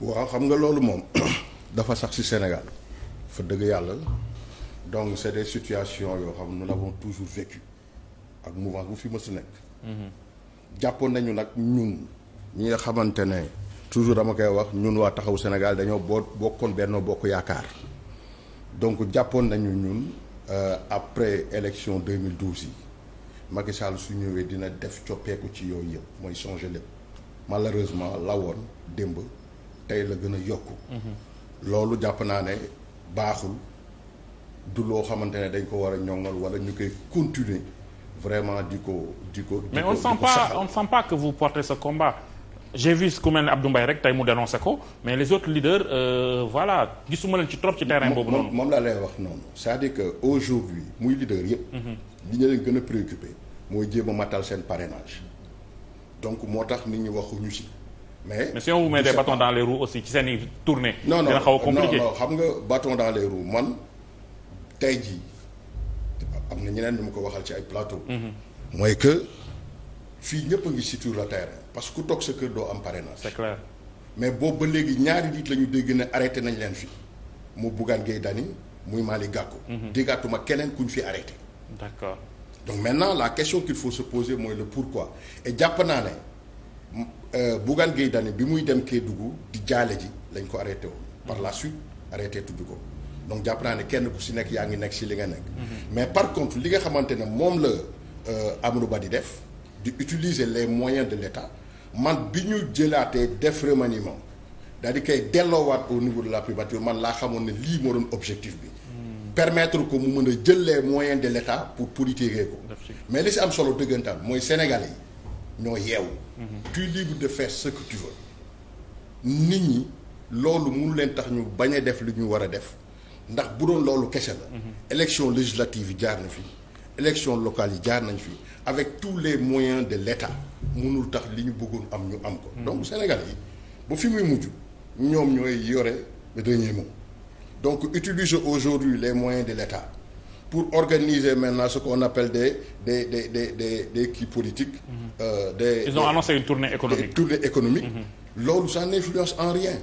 waaw xam nga loolu moom dafa sax ci Sénégal fa dëgg yàlla donc c'est des situations yoo xam nous l'avons toujours vécu ak mouvement bu fi mës a nekk. Mm-hmm. jàppoon nañu nag ñun ñi nga xamante ne toujours dama koy wax ñun waa taxaw Sénégal dañoo boo bokkoon Benno Bokk Yaakaar donc jàppoon nañu ñun euh, après élection 2012 yi Macky Sall su ñëwee dina def coppeeku ci yooyu yëpp mooy changer lépp malheureusement la woon démb. tey la gën a yokk mhm. loolu jàpp naa ne baaxul du loo xamante ne dañ ko war a ñoŋal wala ñu koy continuer vraiment di ko di ko mais on sent pas on sent pas que vous portez ce combat j'ai vu ku mel ne Abdou Mbaye rek tey mu dénoncé ko mais les autres leaders euh, voilà gisuma leen ci trop ci terrain boobu noonu moom laa lay wax noonu cest à que aujourd'hui muy leader yëpp mhm. li ñu leen gën a préoccupé mooy jéem matal seen parrainage donc moo tax nit ñi waxuñu si mais mais si on vous met des bâtons dans les roues aussi ci seen i tournée. non non dina xam nga bâton dans les roues man tey jii am na ñeneen ñu ma ko waxal ci ay plateau. Mhm. mooy que fii ñëpp a ngi si sur le terrain parce que ku toog sa kër doo am parrainage. c'est clair mais boobu ba léegi ñaari nit la ñu dégg ne arrêté nañ leen fii mu Bougane Gueye Dany muy Malick Gakou. Mhm. déggaatuma keneen ku ñu fi arrêté. d'accord donc naa la question qu'il faut se poser mooy le pourquoi jàpp naa Euh, Bougane Gueye Dany bi muy dem Kédougou di jaale ji lañ ko arrêté woon par la suite arrêté tudd ko donc jàpp naa ne kenn ku si nekk yaa ngi nekk si li nga nekk mhm. mais par contre li nga xamante ne moom la euh, Amadou Ba di def di utiliser les moyen de l'État man bi ñu jëlaatee def remaniement daal di koy delloowaat au niveau de la privature man laa xamoon ne lii moo doon objectif bi hmm. permettre ko mu mën a jël les moyen de l'État pour politiquer ko mais li si am solo dëggantaan mooy Sénégalais ñoo yeewu. Mhm. tu es libre de faire ce que nit ñi loolu mënu leen tax ñu bañ a def lu ñu war a def ndax bu doon loolu kese la. Mhm. élection législative yi jaar na fi. élection locale yi jaar nañ fi avec tous les moyens de l'État mënul tax li ñu bëggoon am ñu am ko. Mhm. donc Sénégal yi ba fi muy mujj ñoom ñooy yore le dernier mot donc utiliser aujourd'hui les moyens de l'État. pour organiser maintenant ce qu'on appelle des des des des des des kii politiques. Mhm. Euh, ils ont annoncé une tournée économique mhm. loolu ça n'influence en rien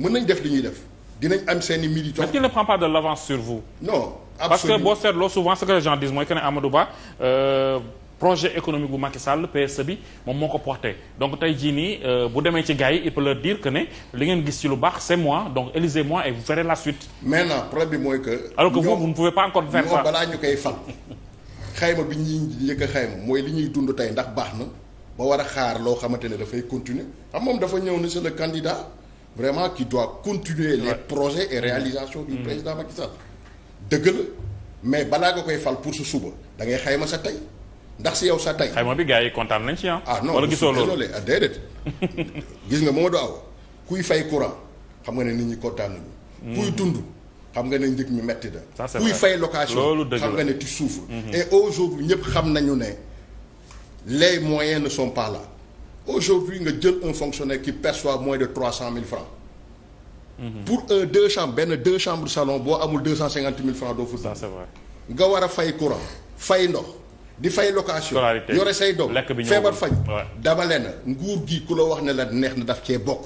mën nañ def li ñuy def dinañ am seeni militants. est qu'il ne prend pas de l'avance sur vous. non parce que boo seetloo souvent ce que les gens disent mooy que ne Amadou Ba. Euh, projet économique bu Macky Sall PSE bi moom moo ko porté donc tey jii nii euh, bu demee ci gars yi il peut leur dire que ne li ngeen gis ci lu baax c'est moi donc élisez moi et vous verrez la suite. maintenant problème bi mooy que. alors que vous vous ne pouvez pas encore faire koy fal xayma bi ñuy njëkk a xayma mooy li ñuy dund tey ndax baax na ba war a xaar loo xamante ne dafay continuer xam moom dafa ñëw ne c'est le candidat vraiment qui doit continuer les projet et réalisations du mm. président Macky Sall dëgg la mais balaa nga koy fal pour sa suba da ngay ma sa tey. ndax si yow sa tay xayma bi gars yi kontaan nañ ci ah. ah non wala gisoo loolu ah, déedéet gis nga Mamadou Awa kuy fay courant xam nga ne nit ñi kontaan nañu. Hmm. kuy dund xam nga ne njëg mi metti da kuy fay location xam nga ne tu suuf hmm. et aujourd'hui ñëpp xam nañu ne les moyens ne sont pas là aujourd'hui nga jël un fonctionnaire qui perçoit moins de trois cent mille francs. Hmm. pour un deux chambres benn deux chambres salon boo amul deux cent cinquante mille francs doo fa. ça nga war a fay courant fay ndox. di fay location. yore say doom feebar fañ. dabale na nguur gi ku la wax ne la neex na daf cee bokk.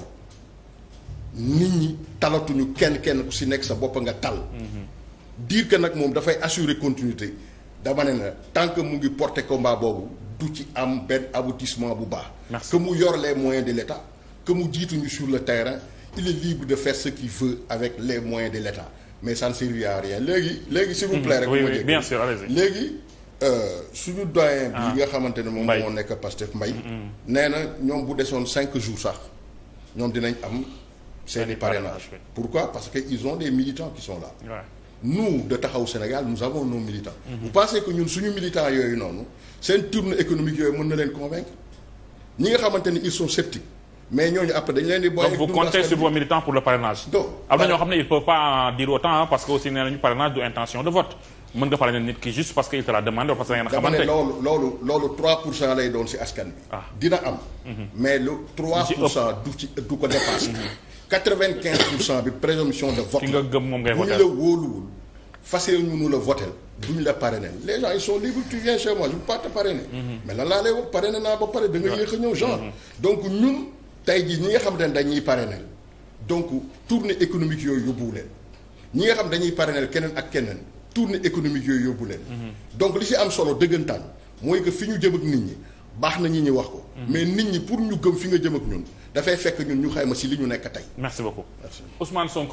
nit ñi talatuñu kenn kenn ku si nekk sa bopp nga tal. Mm-hmm. dire que nag moom dafay assurer continuité dama ne na tant que mu ngi porter combat boobu du ci am benn aboutissement bu baax. que mu yor les moyen de l' état que mu jiituñu sur le terrain il est libre de faire ce qu'il veut avec les moyen de l' mais ça ne servira léegi léegi. s'il vous mm-hmm. plaît rek. oui oui bien léegi. Euh, suñu doyen bi ah. nga xamante ne moom moo nekk Pastef mbay mm, mm. nee na ñoom bu desoon cinq jours sax ñoom dinañ am seeni parrainage pourquoi parce que ils ont des militants qui sont là ouais. nous de Taxawu Sénégal nous avons nos mm-hmm. suñu militants yooyu noonu seen tournée économique yooyu mën na leen convaincre ñi nga xamante ils sont sceptiques mais ñooñu après dañu leen di boole. donc vous sur vos militants pour le parrainage. donc am na ñoo xam ne ils peuvent pas dire autant parce que aussi nee nañu parrainage du mën nga faral nit ki juste parce que il te l'a demandé parce que da ngeen xamante ne loolu loolu loolu pour cent lay doon si askan bi. Ah. dina am. Mhm. mais lu 3 pour cent du ci du ko dépasse. Mhm. 95 pour cent bi présomption de vote. ki nga gëm moom ngay voté la wóoluwul. facile ñu la voté du ñu la parrainé les gens ils sont libres tu viens chez moi je ne peux pas mhm. mais lan laa lay wax parrainé naa ba pare da nga yéex a ñëw genre. donc ñun tey jii ñi nga xam ne dañuy parrainé donc tournée économique yooyu nga xam dañuy parrainé keneen ak keneen. tournée économique yooyu yóbbu leen. Mhm. donc li ci am solo dëggantaan mooy que fi ñu jëm ak nit ñi baax na ñi ñi wax ko. Mhm. mais nit ñi pour ñu gëm fi nga jëm ak ñun dafay fekk ñun ñu xayma ci li ñu nekk tey. merci beaucoup Ousmane Sonko.